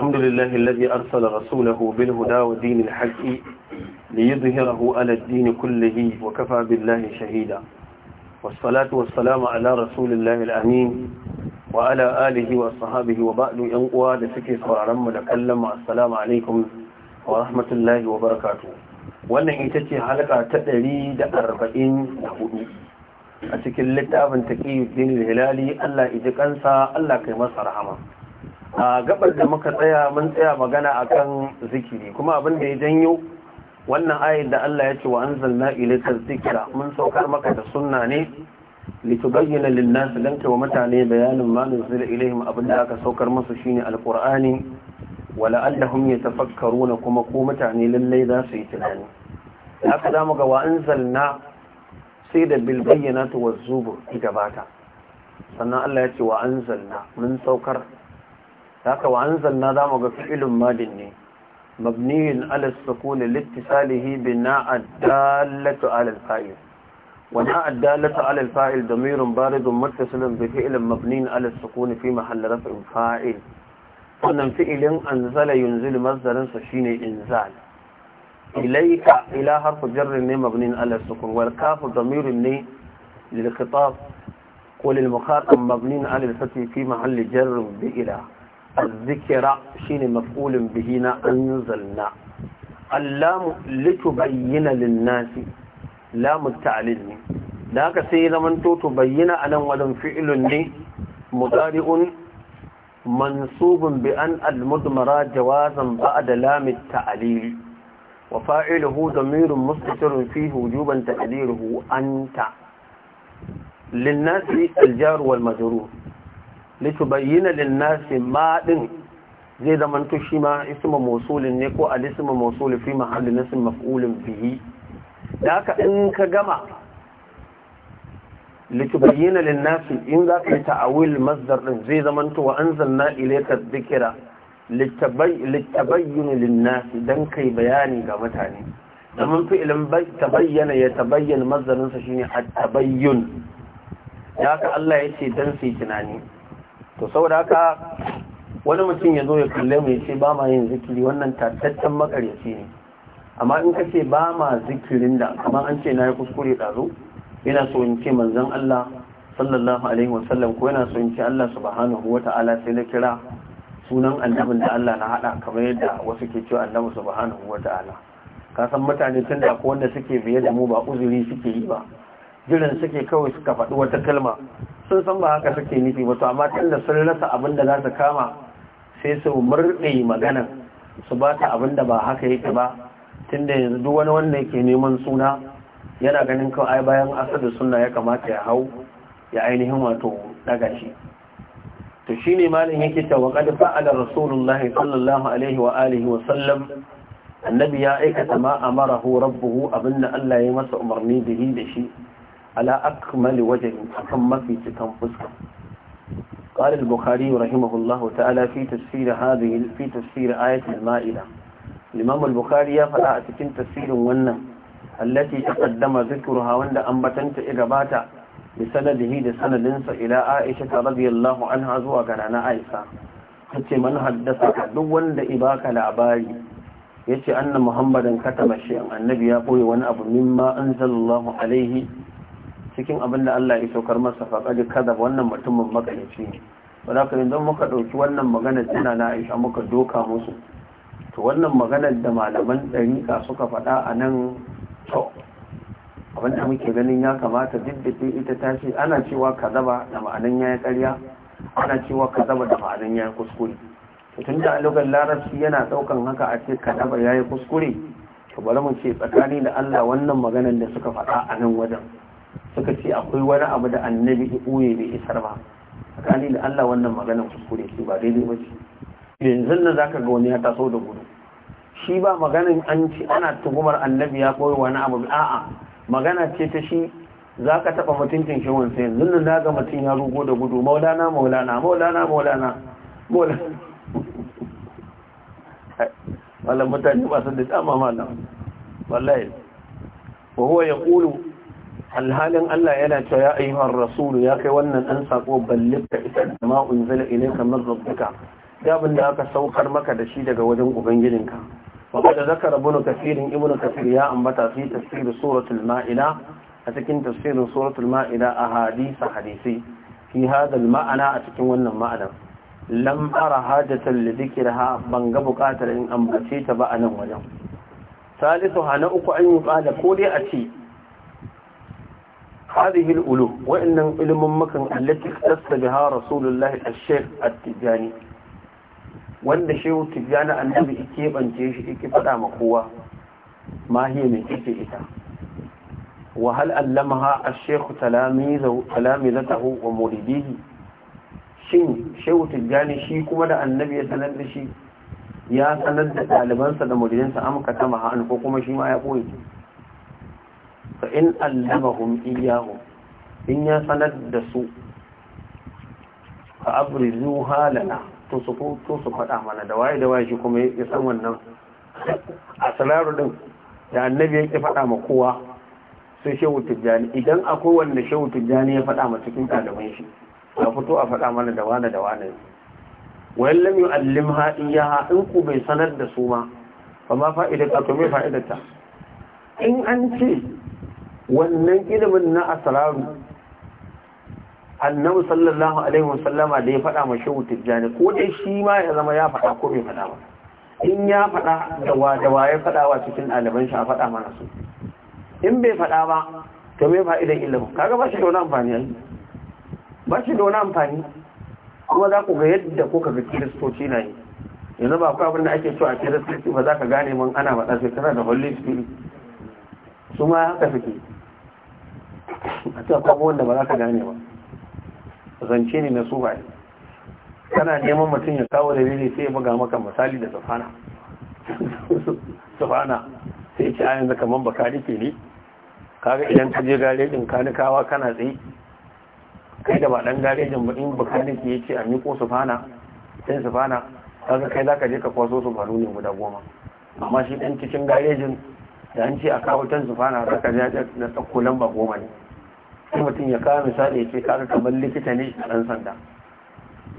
الحمد لله الذي أرسل رسوله بالهدى ودين الحق ليظهره على الدين كله وكفى بالله شهيدا والصلاة والسلام على رسول الله الأمين وعلى آله وصحابه وبعد ينقوى لسكي صورم لكلم السلام عليكم ورحمة الله وبركاته wannan ita ce halaka ta 144 a cikin littafin taqiyuddin hilali Allah iji kansa Allah kai masa rahama a gabar da muka tsaya mun tsaya magana akan zikiri kuma abin da ya janyo wannan ayin da Allah ya ce wa anzalna ilayka dhikra mun saukar maka da sunna ne litubayyana lin-nas wa mutane bayanin ma nuzila ilaihim abin da aka saukar musu shine alqur'ani wala allahum yatafakkaruna kuma ko mutane lalle za su yi tunani haka zamu ga wa anzalna sai da bil ta waz-zubur gabata sannan Allah ya ce wa anzalna mun saukar haka wa anzalna zamu ga fi'ilun madin ne mabniyin ala sukun littisalihi bi na addalatu ala alfa'il wa na addalatu ala alfa'il damirun baridun muttasilun bi fi'ilin mabniyin ala sukun fi mahall raf'in fa'il wannan fi'ilin anzala yunzilu mazdarin sa shine inzal ilayka ila harfu jarrin ne mabniyin ala sukun wal kafu damirun ne lil khitab وللمخاطب مبنين على الفتح في محل جر بإله الذكر شين مفعول بهنا أنزلنا اللام لتبين للناس لام التعليل ذاك سيدا من تبين أنا ولم فعل لي مضارع منصوب بأن المضمرة جوازا بعد لام التعليل وفاعله ضمير مستتر فيه وجوبا تقديره أنت للناس الجار والمجرور litubayyana lin-nasi ma din zai zama to shi ma ismu mawsulin ne ko al-ismu mawsul fi mahalli nasb maf'ulin bihi da haka in ka gama litubayyana lin-nasi in za ka yi ta'awil masdar din zai zama to wa anzalna ilayka dhikra litabayyana lin-nasi dan kai bayani ga mutane domin fi'ilin tabayyana ya tabayyana masdarinsa shine at-tabayyun ya ka Allah ya ce dan sai tunani to saboda haka wani mutum ya zo ya kalle mu ya ce ba ma yin zikiri wannan tattaccen makaryaci ne amma in ka ce ba ma zikirin da kamar an ce na yi kuskure ɗazu yana so in ce manzan Allah sallallahu alaihi wasallam ko yana so in ce Allah subhanahu wa ta'ala sai na kira sunan annabin da Allah na haɗa kamar yadda wasu ke cewa annabi subhanahu wa ta'ala ka san mutane tun da ko wanda suke biye da mu ba uzuri suke yi ba jiran suke kawai suka faɗi wata kalma sun san ba haka suke nufi ba to amma tunda sun rasa abin da za su kama sai su murɗe magana su ba ta abin da ba haka yake ba tunda yanzu duk wani wanda yake neman suna yana ganin kawai ai bayan da suna ya kamata ya hau ya ainihin wato daga shi to shine malin yake cewa da fa'ala rasulullahi sallallahu alaihi wa alihi wa sallam annabi ya aikata ma amarahu rabbuhu abinda Allah ya masa umarni da shi ala akmali wajen akan mafi cikan fuska قال البخاري رحمه الله تعالى في تفسير هذه في تفسير آية المائدة الإمام البخاري فلا أتكن تفسير ون التي تقدم ذكرها وند أنبتنت إجاباتا بسنده لسند إلى عائشة رضي الله عنها زوى كان عائشة تتي من حدثك دون لإباك لعباري يتي أن محمدا كتم الشيء النبي يقول وأن أبو مما أنزل الله عليه cikin abin da Allah ya saukar masa faƙaɗi kada wannan mutumin makalici ne ba za ka yi zan muka ɗauki wannan maganar tana na aisha muka doka musu to wannan maganar da malaman ɗariƙa suka faɗa a nan to abin da muke ganin ya kamata duk da ke ita tashi ana cewa zaba da ma'anin ya yi ƙarya ana cewa zaba da ma'anin ya yi kuskure to tun da alugar larabci yana ɗaukan haka a ce kazaba ya yi kuskure to bari mu ce tsakani da Allah wannan maganar da suka faɗa a nan wajen suka ce akwai wani abu da annabi ya ɓoye bai isar ba tsakani da Allah wannan maganar kuskure ce ba daidai ba ce yanzu za ka ga wani ya taso da gudu shi ba maganin an ci ana tuhumar annabi ya koyi wani abu a'a magana ce ta shi za ka taɓa mutuncin shi wansa yanzu nan na ga mutum ya rugo da gudu maulana maulana maulana maulana maulana mutane ba su da dama malam wallahi wa huwa yaqulu alhalin Allah yana cewa ya ayyuhar rasulu ya kai wannan an sako ballifta ita da ma unzila ilayka kamar rabbika da abin da aka saukar maka da shi daga wajen ubangijinka wa qad zakara ibn kathir ibn kathir ya ambata fi tafsir suratul ma'ida a cikin tafsirin suratul ma'ida a hadisa hadisi fi hadal ma'ana a cikin wannan ma'anar lam ara hajatan li dhikriha ban ga bukatar in ambace ta ba a nan wajen salisu hana uku an yi kala ko dai a ce هذه الألوم وإن علم مكان التي اختص بها رسول الله الشيخ التجاني وإن الشيخ التجاني النبي إكيب أن جيش إكيب أدام مقوة ما هي من إكيبتا وهل ألمها الشيخ تلاميذته ومريديه شن شيخ التجاني شي كما النبي يسند يا سند طالبانsa da muridansa amka tamaha an ko kuma shi fa in allamahum iyyahu in ya sanar da su fa abrizu halana to su to su faɗa mana da waye da waye shi kuma ya san wannan asraru din da annabi yake faɗa ma kowa sai shehu tijjani idan akwai wanda shehu tijjani ya faɗa ma cikin ɗaliban shi a fito a faɗa mana da wani da wani wayan lam yu'allimha iyyaha in ku bai sanar da su ma fa ma fa'idar ta to me ta in an ce wannan ilimin na asararu annabi sallallahu alaihi wasallama da ya faɗa ma shehu tijjani ko dai shi ma ya zama ya faɗa ko bai faɗa ba in ya faɗa da wa da wa ya faɗa wa cikin ɗaliban shi a faɗa mana su in bai faɗa ba to me fa'idan ilimin kaga ba shi da wani amfani ai ba shi da wani amfani kuma za ku ga yadda kuka ga kiristoci na yi yanzu ba ku abin da ake cewa kiristoci ba za ka gane mun ana faɗa sai kana da holy spirit su ma haka suke a cikin abubuwan wanda ba za ka gane ba zance ne na su ba kana neman mutum ya kawo da bene sai ya buga maka misali da safana safana sai ce ayan zaka man baka rike ne kaga idan ka je garejin kanikawa kana tsaye kai da ba dan garejin ba in baka rike ya ce a miko safana sai safana kaga kai zaka je ka kwaso su faru ne guda goma amma shi dan cikin garejin da an ce a kawo tan zufana za ka ja da tsakko lamba goma ne sai mutum ya kawo misali ya ce kaga kamar likita ne a ɗan sanda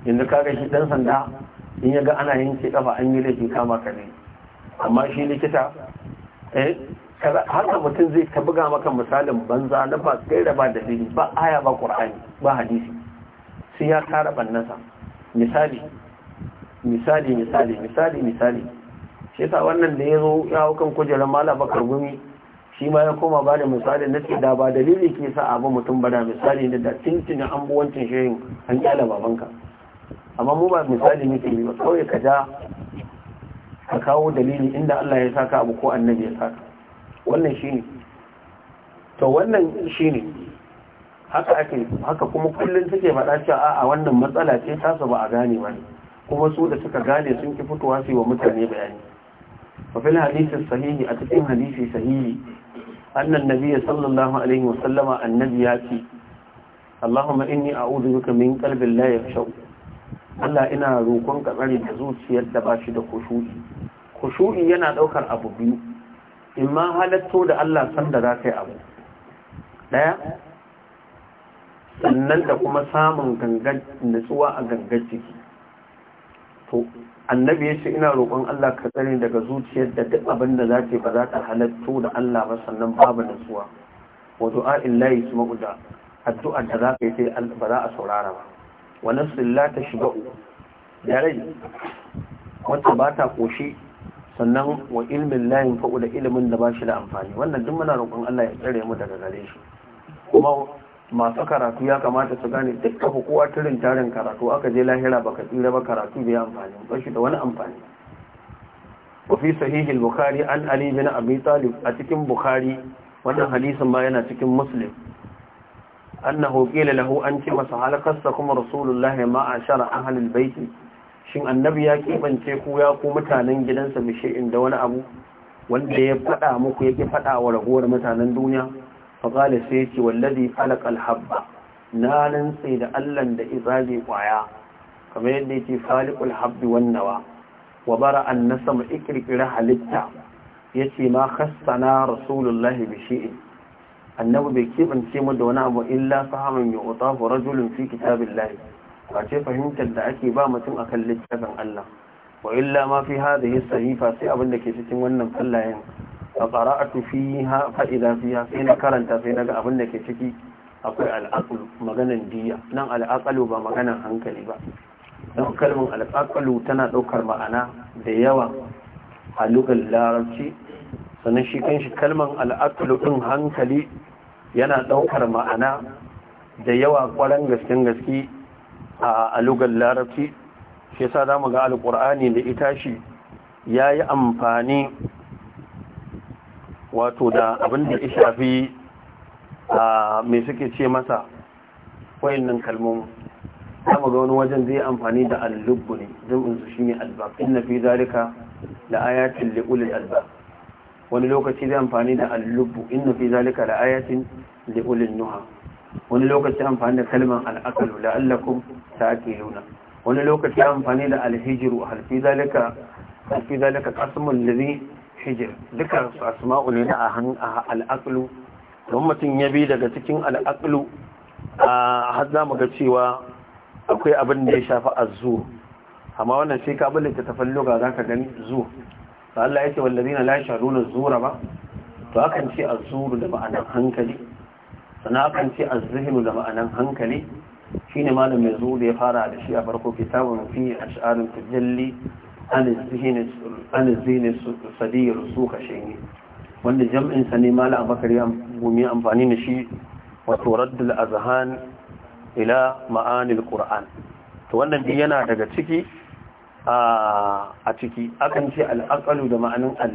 yanzu kaga shi ɗan sanda in ya ga ana yanke kafa an yi laifi kama ka ne amma shi likita eh haka mutum zai ta buga maka misalin banza na ba gaira ba da dalili ba aya ba qur'ani ba hadisi sai ya tara bannansa misali misali misali misali misali shi yasa wannan da ya zo ya hau kan kujerar mala kargumi gumi shi ma ya koma ba da misali na ce da ba dalili ke sa abu mutum ba da misali da da tintin an buwancin shirin an kyala babanka amma mu ba misali muke yi ba kawai ka ja ka kawo dalili inda Allah ya saka abu ko annabi ya saka wannan ne to wannan ne haka ake haka kuma kullum take faɗa cewa a'a wannan matsala ce tasa ba a gane ba kuma su da suka gane sun ki fitowa su yi wa mutane bayani وفي الحديث sahihi. أتكلم حديث صحيح أن النبي صلى الله عليه وسلم النبي ياتي اللهم إني أعوذ بك من قلب لا يخشو Allah ina roƙon ka tsare da zuciyar da ba da kushu'i kushu'i yana ɗaukar abu biyu in ma halatto da Allah san da za ka yi abu ɗaya sannan da kuma samun gangar nutsuwa a gangar ciki to annabi ya ce ina roƙon Allah ka tsare daga zuciyar da duk abin da za ta ba za ta halatto da Allah ba sannan babu nasuwa wa du'a illahi su da addu'a da za ka yi sai ba za a saurara ba wa nafsin la ta shiga u Yare rai wata ba ta koshi sannan wa ilmin layin fa'u da ilimin da ba shi da amfani wannan duk muna roƙon Allah ya tsare mu daga gare shi kuma masu karatu ya kamata su gane duk dukkan kowa turin tarin karatu aka je lahira baka tsira ba karatu bai amfani ba shi da wani amfani fi sahihi bukhari an ali bin abi talib a cikin bukhari wannan hadisin ma yana cikin muslim annahu qila lahu an ce masa sa kuma rasulullahi ma ashara ahlul bait shin annabi ya kibance ku ya ku mutanen gidansa bishe da wani abu wanda ya fada muku yake fada wa ragowar mutanen duniya faqala sai yace wallazi khalaqal habba na sai da Allah da izabi kwaya kamar yadda yake khaliqul habbi wan nawa wa bara an nasama ikirkira halitta yace ma khassana rasulullahi bi shi'in annabi bai kebance mu da wani abu illa fahamin ya utahu rajulun fi kitabillahi face fahimtar da ake ba mutum akan littafin Allah wa illa ma fi hadhihi sahifa sai abin da ke cikin wannan fallayen فقرأت فيها فإذا na فينا abin da ke ciki. Akwai أقول العقل مغانا nan نعم ba بمغانا hankali ba. don kalmar alƙaƙalu tana ɗaukar ma'ana da yawa a lugar larabci sannan shi shi kalmar al'aqlu ɗin hankali yana ɗaukar ma'ana da yawa ƙwarar gasken gaske a lugar larabci shi sa za mu ga alƙur'ani da ita shi ya yi amfani wato da abin da ya shafi a mai suke ce masa nan kalmomi ta ga wani wajen zai amfani da al-lubbu ne jam'in su ne albab inna fi zarika da ayatin li'ulil ulil albab wani lokaci zai amfani da al-lubbu inna fi zarika da ayatin li'ulil nuha wani lokaci amfani da kalman al ta la'allakum luna wani lokaci amfani da al-hijru hal fi zalika hal da zalika hijir dukkan su asma'u ne na al'aqlu don mutum ya bi daga cikin al'aqlu har za mu ga cewa akwai abin da ya shafi azu amma wannan sai ka bulle ta tafalluga zaka gani zu ta Allah ya wallazina la yashaduna zura ba to akan ce azzuru da ma'anan hankali sannan akan ce azhimu da ma'anan hankali shine malamin da ya fara da shi a farko kitabun fi ash'arun tajalli an zini sadiyar su kashe ne wanda jam'insa ne mala abakar ya gumi amfani da shi wato raddul azhan ila ma'anil qur'an to wannan biyu yana daga ciki a ciki akan ce al'akalu da ma'anin al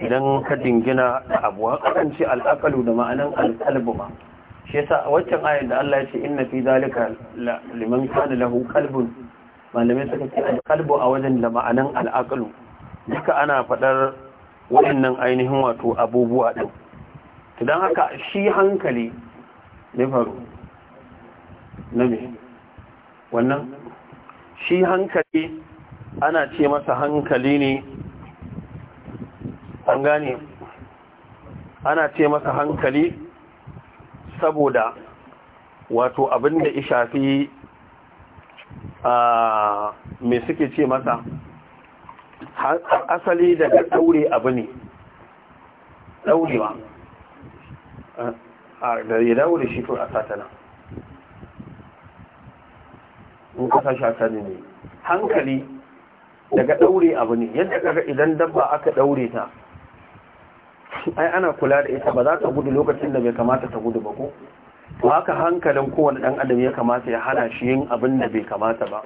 idan ka dingina da abuwa akan ce al'akalu da ma'anin al shi yasa a waccan ayar da Allah ya ce inna fi zalika liman kana lahu kalbun malamai suka ce alƙalbu a wajen da ma'anan al'aƙalu duka ana faɗar waɗannan ainihin wato abubuwa ɗin don haka shi hankali ne faru na mai wannan shi hankali ana ce masa hankali ne an gane ana ce masa hankali saboda wato abin da ya shafi me suke ce masa asali daga daure abu ne daurewa a da ya daure shi to a satana in kasa shi asali ne hankali daga daure abu ne yadda kaga idan dabba aka daure ta ai ana kula da ita ba za ta gudu lokacin da bai kamata ta gudu ba ko to haka hankalin kowane ɗan adam ya kamata ya hana shi yin abin da bai kamata ba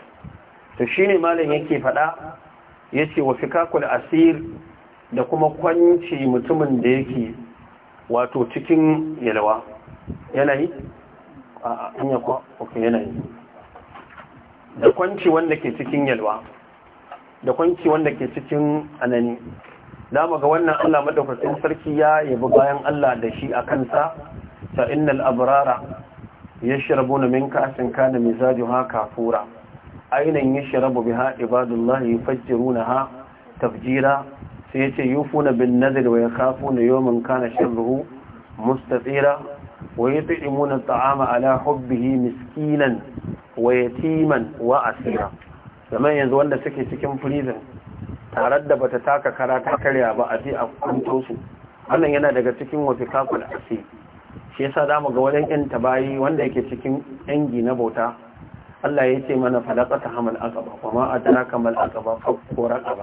to ne malam yake faɗa ce wa fikakul asir da kuma kwanci mutumin da yake wato cikin yalwa yanayi a hanya ko yanayi da kwanci wanda ke cikin yalwa da kwanci wanda ke cikin anani dama ga wannan Allah madaukakin sarki ya yabi bayan Allah da shi a kansa فإن الأبرار يشربون من كأس كان مزاجها كافورا أين يشرب بها عباد الله يفجرونها تفجيرا سيتي يوفون بالنذر ويخافون يوما كان شره مستثيرا ويطعمون الطعام على حبه مسكينا ويتيما وأسيرا zama yanzu wanda suke cikin prison tare da bata taka kara ta karya ba a je a kunto su wannan yana daga cikin wafikakul asiri shi yasa zamu ga wajen yan tabayi wanda yake cikin dangi na bauta Allah ya ce mana ta hamal aqaba wa ma adraka mal aqaba fakku ba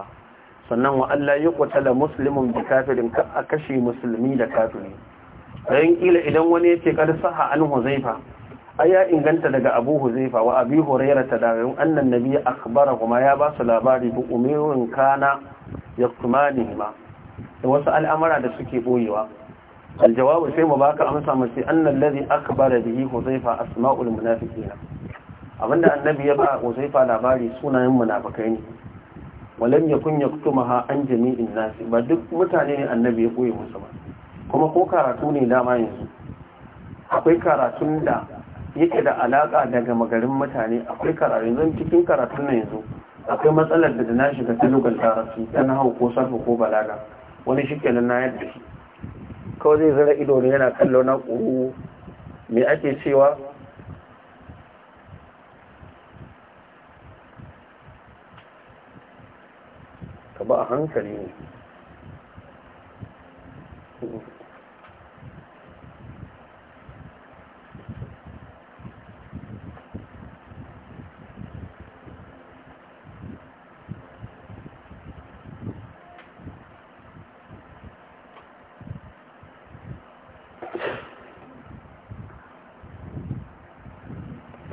sannan wa Allah ya qutala muslimun bi kafirin ka a kashe musulmi da kafiri dan kila idan wani yace kad saha an huzaifa aya inganta daga Abu Huzaifa wa Abi da yin annan nabi kuma ya ba su labari bu umirun kana yaktumanihima da wasu al'amara da suke boyewa الجواب سيما باك أمسا مسي أن الذي أخبر به حذيفة أسماء المنافقين أبدا النبي يبقى حذيفة لباري سنة المنافقين ولم يكن يكتمها عن جميع الناس بدك متعلين النبي يقوي مسلم kuma ko karatu ne dama yanzu akwai karatun da yake da alaƙa daga magarin mutane akwai karatun zan cikin karatun na yanzu akwai matsalar da na shiga ta lugar larabci ta na hau ko sarfa ko balaga wani shi kenan na yadda shi kawai zai zara ido ne yana kallo na ƙuru me ake cewa ka ba a hankali ne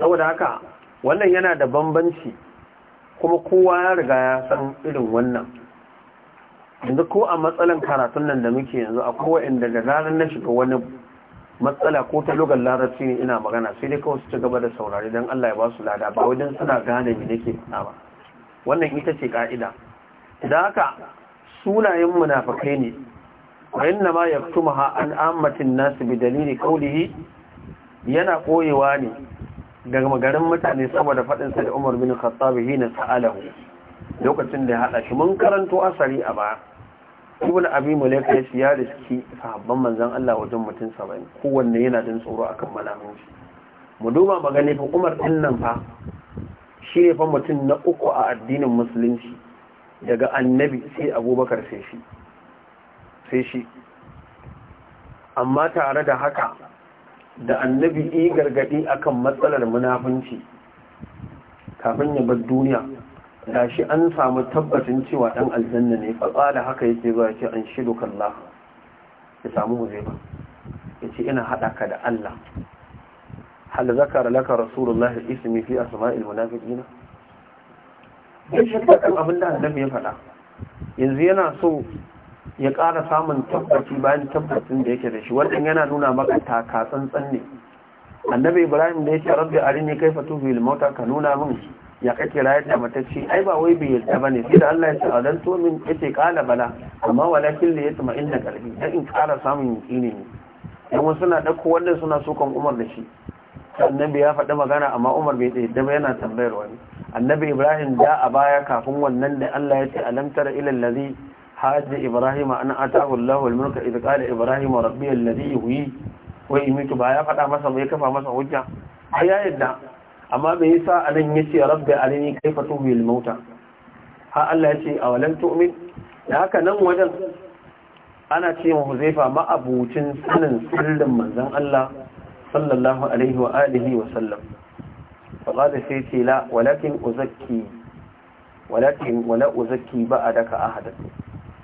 saboda haka wannan yana da bambanci kuma kowa ya riga ya san irin wannan yanzu ko a matsalan karatun nan da muke yanzu a inda da zarar na shiga wani matsala ko ta lugar larabci ne ina magana sai dai kawai su ci gaba da saurari don Allah ya ba su lada ba wajen suna gane me nake faɗa ba wannan ita ce ka'ida da haka sunayen munafakai ne wa inna ma yaktumaha an ammatin nasu bi dalili kaulihi yana koyewa ne daga magarin mutane saboda sa da umar bin khattabi hina sa'alahu lokacin da ya hada shi mun karanto asari a ba ibn abi Malik ya siya da riski sahabban manzon Allah wajen mutum 70 kowanne yana jin tsoro akan malamin shi mu duba magani fa umar din nan fa shi ne fa mutum na uku a addinin musulunci daga annabi sai abubakar sai shi sai shi amma tare da haka da annabi yi gargadi akan matsalar munafunci kafin ya bar duniya da shi an samu tabbacin cewa ɗan aljanna ne fatsa da haka yake zuwa ce an shidu Laha. ya samu ba. ya ce ina haɗa ka da Allah hal zakar laka rasulullah ismi fi asma'il munafiqina ya shi abin da annabi ya faɗa yanzu yana so ya ƙara samun tabbaci bayan tabbacin da yake da shi wannan yana nuna maka taka tsantsan ne annabi ibrahim da yake rabbi arini kaifa tuhil mauta ka nuna min ya kake rayar da matacce ai ba wai bai yarda bane sai da Allah ya ce a to min yace kala bala amma walakin la yatma inna qalbi dan in ƙara samun yaqini ne dan wasu suna dauko wannan suna sokan Umar da shi annabi ya faɗi magana amma Umar bai yarda ba yana tambayar wani annabi ibrahim da a baya kafin wannan da Allah ya ce alam tara ilal hajji ibrahim an atahu Allahu al-mulka idh qala ibrahim rabbi alladhi ba ya faɗa masa bai kafa masa hujja ai ya yadda amma me yasa anan yace rabbi arini kaifa tuhyi al-mauta ha Allah yace awalam tu'min da haka nan wajen ana ce wa Huzaifa ma'abucin sanin sirrin manzon Allah sallallahu alaihi wa alihi wa sallam فقال سيتي لا ولكن أزكي ولكن ولا أزكي بعدك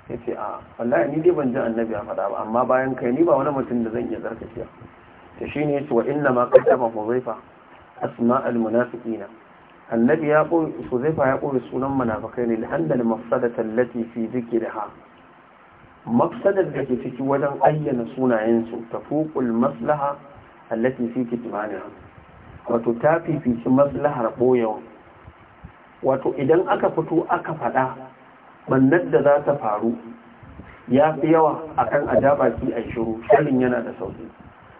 ya ce a wallahi ni dai ban ji annabi a faɗa ba amma bayan kai ni ba wani mutum da zan iya zarkaciya ta shi ne wa inna ma kaddama huzaifa asma annabi ya koyi huzaifa ya koyi sunan munafikai ne la'anna tallafi mafsadata allati da ha. mafsadar da ke ciki wajen ayyana sunayensu ta tafuqul maslaha allati fi kitmaniha wato ta fifici maslahar boyewa wato idan aka fito aka faɗa bannan da za ta faru ya fi yawa akan a ja a shiru shirin yana da sauki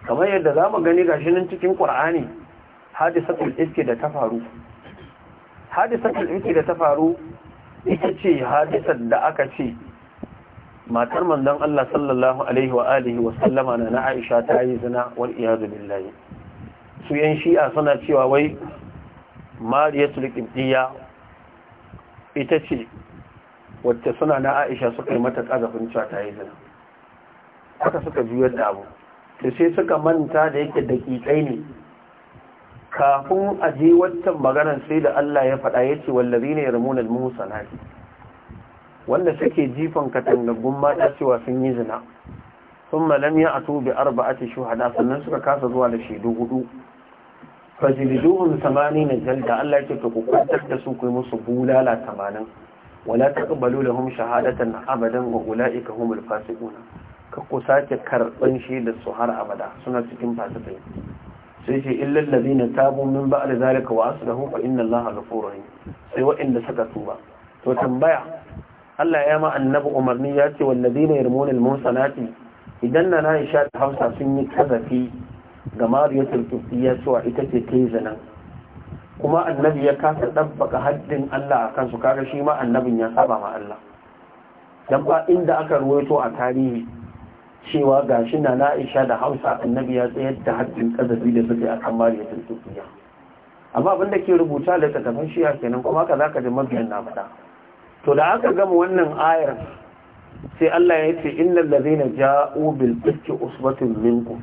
kamar yadda za mu gani ga nan cikin ƙur'ani hadisatul iske da ta faru ita ce hadisar da aka ce matar manzon Allah sallallahu alaihi wa alihi wa na Aisha ta yi zina wal iyazu billahi su yan shi'a suna cewa wai mariyatul qibtiyya ita ce wacce suna na aisha suka yi mata ƙazafin cewa ta yi zina haka suka juyar da abu da sai suka manta da yake daƙiƙai ne kafin a je waccan maganar sai da Allah ya faɗa ya ce wallazi ne musa musanati wanda suke jifan katangaggun mata cewa sun yi zina sun malam ya ato bi arba'ati shuhada sannan suka kasa zuwa da shaidu hudu fajriduhum 80 jalda Allah ya ce ku kwantar da su ku yi musu bulala tamanin. wala taqbalu lahum shahadatan abadan wa ulaika humul fasiquna ka kusa sake karban shi da su har abada suna cikin fasikai sai ce illal ladina tabu min ba'd zalika wa aslahu fa inna allaha ghafurur rahim sai waɗanda suka tuba to tambaya Allah ya ma annabi umarni ya ce walladina yarmuna al-musanati idan na Aisha da Hausa sun yi kazafi ga Mariyatul Qibtiyya cewa ita ce ta yi zanen." kuma annabi ya kasa ɗabbaka haddin Allah a kansu kaga shi ma annabin ya saba ma Allah Don ba inda aka ruwaito a tarihi cewa ga shi na Aisha da Hausa annabi ya tsayar da haddin ƙazazi da suke a kan mariya tuntubiya amma abin da ke rubuta da shi shiya kenan kuma ka ka ji mabiyan na faɗa to da aka gama wannan ayar sai Allah ya ce innal ladhina ja'u bil ifki usbatun minkum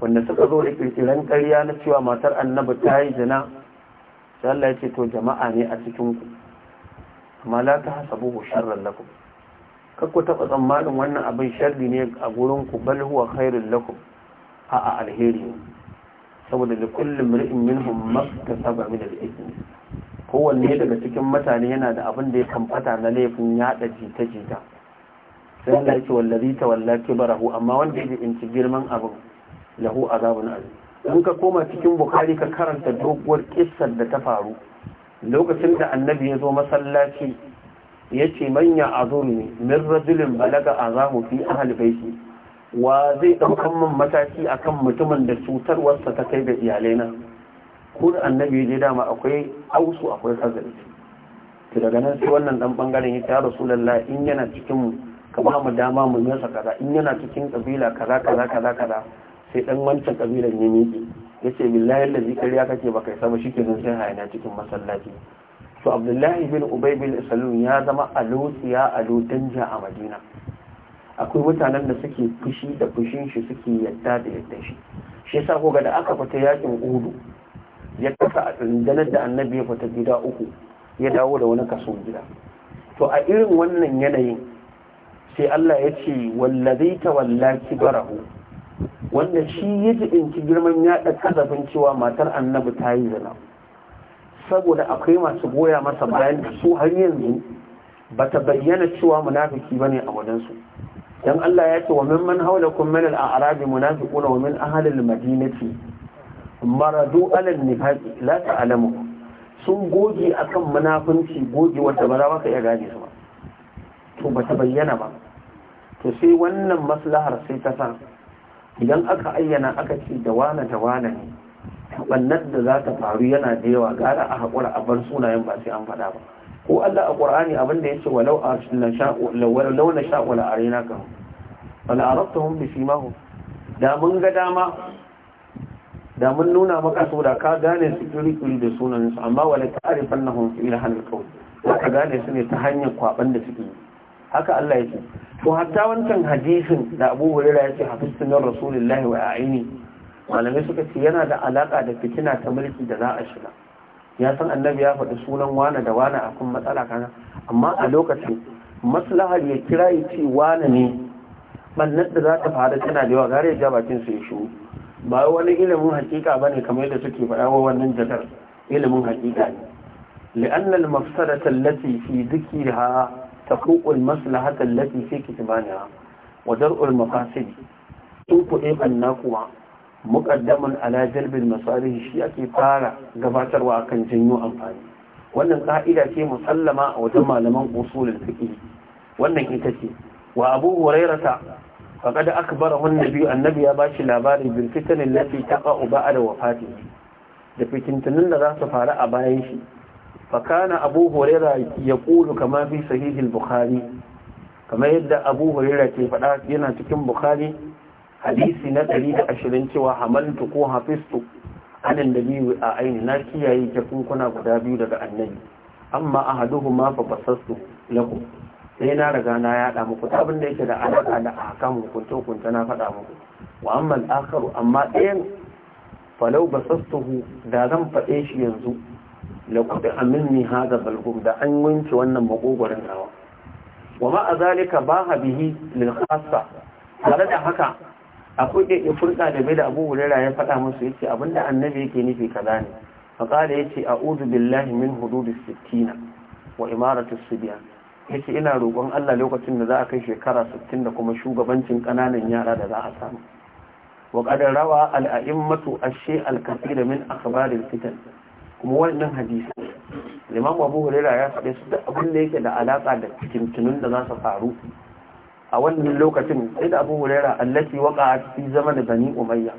wanda suka zo da kirkiran ƙarya na cewa matar annabi ta yi zina sai ya to jama'a ne a cikin ku amma la ta hasabu hu sharran lakum kar ku taɓa tsammanin wannan abin sharri ne a gurin ku bal huwa khairul lakum a'a alheri ne saboda da kullum ri'in minhum saba min al-ithmi kowanne daga cikin mutane yana da abin da ya kamfata na laifin yaɗa jita-jita sai Allah yake wallazi tawalla amma wanda ya ci girman abin lahu azabun azim in ka koma cikin bukari ka karanta doguwar kissar da ta faru lokacin da annabi ya zo masallaci ya ce manya azurni min rajulin balaga azamu fi ahli baiti wa zai daukan man mataki kan mutumin da cutarwarsa ta kai ga iyalaina ko da annabi ya je dama akwai ausu akwai kazali to daga nan sai wannan dan bangaren ya tara rasulullahi in yana cikin ka ba mu dama mu yi kaza in yana cikin kabila kaza kaza kaza kaza sai dan wancan kabilan ya miƙe ya ce billahi lalzi karya kake baka isa ba shi ke sai hayana cikin masallaci to abdullahi bin ubay bin salun ya zama alusiya alutanja a madina akwai mutanen da suke fushi da fushin shi suke yadda da yadda shi shi yasa ko da aka fita yakin udu ya kasa tsindanar da annabi ya fita gida uku ya dawo da wani kaso gida to a irin wannan yanayin sai Allah ya ce wallazai tawalla kibarahu wanda shi ya jibinci girman yaɗa kazafin cewa matar annabi ta yi zina saboda akwai masu goya masa bayan da su har yanzu ba ta bayyana cewa munafiki ba ne a wadansu. don Allah ya ce wa min man haula kun min al-a'rabi munafiqun wa min ahli al-madinati maradu ala an-nifaq la ta'lamu sun goge akan munafinci goge wanda ba za ka iya gane su ba to ba ta bayyana ba to sai wannan maslahar sai ta san. idan aka ayyana aka ce da wane ne bannan da za ta faru yana da yawa gara a haƙura a bar sunayen ba sai an faɗa ba ko Allah a ƙur'ani abin da yake walau a sha'u law sha'u la arina ka wala arabtahum bi simahum da mun ga dama da mun nuna maka so da ka gane su kiri da sunan su amma wala ta'rifannahum fi ilhan al-qawl ka gane su ne ta hanyar kwaban da suke yi haka Allah yake to hatta wancan hadisin da Abu Hurairah yake hadisin nan Rasulullahi wa aini malamai suka ce yana da alaka da fitina ta mulki da za a shiga ya san annabi ya faɗi sunan wane da wane a kun matsala kana amma a lokacin maslahar ya kira ya ce wane ne ɓannar da za ta faru tana da yawa gare ja bakin su ya shigo ba wani ilimin hakika ba ne kamar yadda suke faɗa wa wannan jakar ilimin hakika ne li'annal mafsadata allati fi dhikriha تفوق المصلحة التي في كتبانها ودرء المفاسد إن كنت أنكما مقدم على جلب المصالح شيء أكي فارع قباتر وأكن جنو أنفاني wannan ka'ida ce musallama a wajen malaman usulul fiqh wannan ita ce wa abu hurairata faqad akbarahu biyu, annabi ya bashi labari bil fitan allati a ba'da wafatihi da fitintunin da za su faru a bayan shi fakana abu huraira ya ƙulu kama fi sahihil bukhari kamar yadda abu huraira ke faɗa yana cikin bukhari hadisi na 120 cewa hamaltu ko hafistu anan da biyu a aini na kiyaye jakunkuna guda biyu daga annabi amma haduhu ma fa basastu lahu sai na riga na yaɗa muku ta abin da yake da alaƙa da akan hukunta hukunce na faɗa muku wa amma al'akaru amma ɗayan falau basastuhu da zan faɗe shi yanzu la kuɗi aminni haza balgum da an wanke wannan makogwarin nawa wa ma a zalika ba ha bihi lil khassa tare da haka akwai ɗaiɗe ɗalibai da bai da abu hurera ya faɗa musu yace abinda annabi yake nufi kaza ne ya yace A'udu billahi min hududis sittina wa imaratus sibyan yace ina roƙon Allah lokacin da za a kai shekara sittin da kuma shugabancin ƙananan yara da za a samu wa qad rawa al-a'immatu da al min akhbar fitan kuma wannan hadisi limamu abu hurera ya faɗi su da abin da yake da alaƙa da tuntunin da za su faru a wannan lokacin sai da abu hurera allaci waƙa a fi zama da bani umayya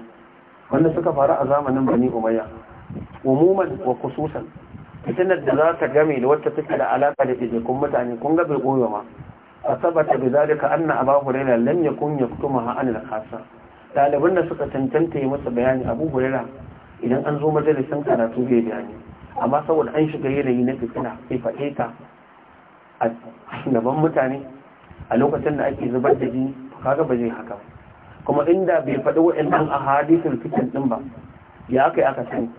wanda suka faru a zamanin bani umayya umuman wa kususan fitinar da za ta game da wata take da alaƙa da kun mutane kun ga bai ma a sabata da zalika anna abu hurera lam yakun yaktuma ha khasa ɗaliban da suka tantance masa bayani abu hurera idan an zo majalisin karatu zai bayani amma saboda an shiga yanayi na fitina sai faɗe ka a gaban mutane a lokacin da ake zubar da jini kaga ba zai haka kuma inda bai faɗi waɗannan a hadisin fitin ɗin ba ya aka aka sani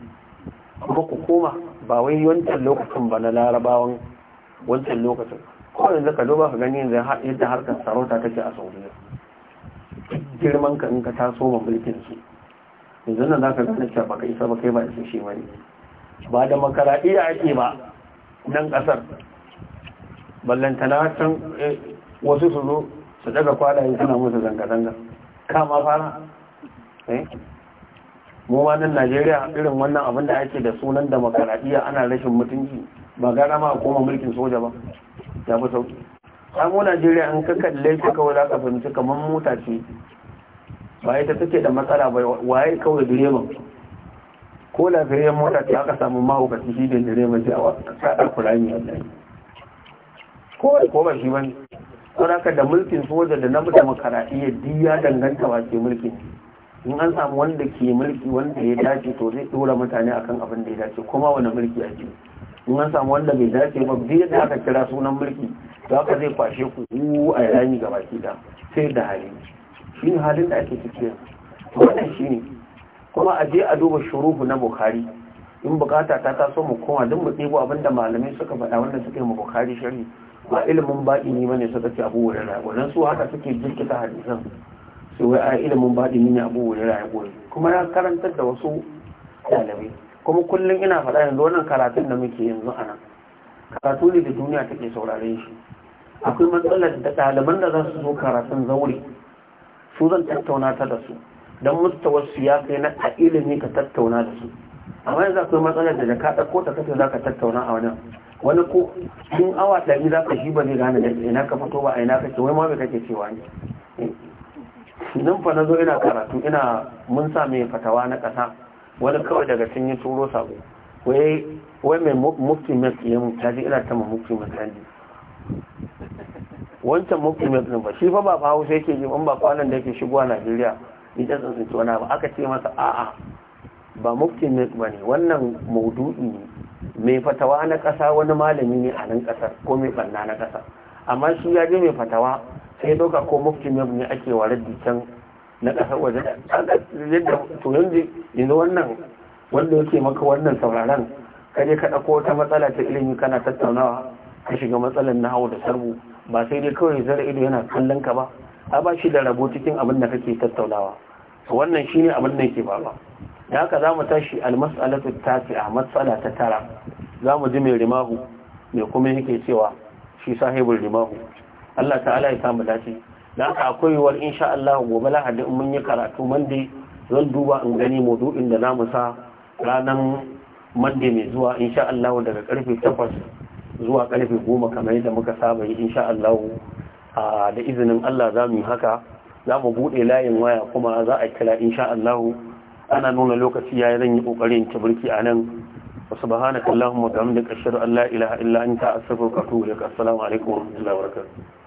kuma ku koma ba wai wancan lokacin ba na larabawan wancan lokacin kawai yanzu ka duba ka gani yanzu yadda harkar sarauta take a saudiya girman ka in ka taso soma mulkin su yanzu nan za ka gane cewa baka isa ba kai ba isa shi ba ne ba da makaraɗiya ake ba nan ƙasar ballantana can eh, wasu su zo su daga kwalaye suna musu zanga-zanga kama fara eh? mu ma nan najeriya irin wannan abin da ake da sunan da ana rashin mutunci ba gara ma koma mulkin soja ba ya fi sauki samu najeriya an ka shi kawai za ka fahimci kamar mota ce ba ita take da matsala ba waye kawai direban ko lafiyar mota ta aka samu mahaukaci shi da direban sai a kada kurami wallahi ko ko ba shi bane ka da mulkin soja da na mutum karaɗiya duk ya danganta ba ke mulkin in an samu wanda ke mulki wanda ya dace to zai dora mutane akan abin da ya dace kuma wani mulki a ce in an samu wanda bai dace ba duk da aka kira sunan mulki to haka zai kwashe ku a rami gaba ki da sai da hali shi halin da ake ciki wannan shi ne kuma a je a duba shuruhu na bukari in bukata ta taso mu koma duk mu ɗebo abinda malamai suka faɗa wanda suka mu bukari sharhi ba ilimin baɗi ne bane suka ce abu wurin rayuwa su haka suke jirkita hadisan su wai a ilimin baɗi ne abu wurin rayuwa kuma na karantar da wasu dalibai. kuma kullum ina faɗa yanzu wannan karatun da muke yanzu a nan karatu ne da duniya take saurare shi akwai matsalar da ɗaliban da za su zo karatun zaure su zan tattauna ta da su don su ya kai na a ilimi ka tattauna da su amma yanzu akwai matsalar da ka ɗauko ta kafin za ka tattauna a wajen wani ko in awa ɗari za ka shi ba zai gane da ina ka fito ba a ina kake wai ma bai kake cewa ne nan fa na zo ina karatu ina mun sa mai fatawa na ƙasa wani kawai daga sun yi turo sabo wai mai mufti mai tsaye mu ta ji ina ta mufti mai tsaye wancan mafi din ba shi fa ba hausa yake ji ba kwanan da yake shigowa najeriya ni ta tsanci wani ba aka ce masa a ba mafi ba ne wannan maudu'i ne mai fatawa na ƙasa wani malami ne a nan ƙasar ko mai ɓanna na kasa amma shi ya je mai fatawa sai doka ko mafi ne ake wa raddi na ƙasar waje yadda to yanzu yanzu wannan wanda yake maka wannan sauraron kaje ka ɗako wata matsala ta ilimi kana tattaunawa ka shiga matsalar na hau da sarbu ba sai dai kawai zara ido yana kallon ka ba a ba shi da rabo cikin abin da kake tattaunawa wannan shi ne abin da yake ba da haka za mu tashi almas'alatu a matsala ta tara za mu ji mai rimahu mai kuma yake cewa shi sahibul rimahu Allah ta'ala ya samu dace da haka akwai war insha Allah gobe lahadi in mun yi karatu mande zan duba in gani maudu'in da za mu sa ranar mande mai zuwa insha Allah daga karfe 8. zuwa karfe goma kamar yadda muka saba yi insha Allah da izinin Allah za mu yi haka za mu buɗe layin waya kuma za a kira insha Allah ana nuna lokaci yayi zan yi kokarin ta burki a nan wa subhanakallahumma wa bihamdika ashhadu an la ilaha illa anta astaghfiruka wa atubu ilaik assalamu alaikum wa rahmatullahi wa barakatuh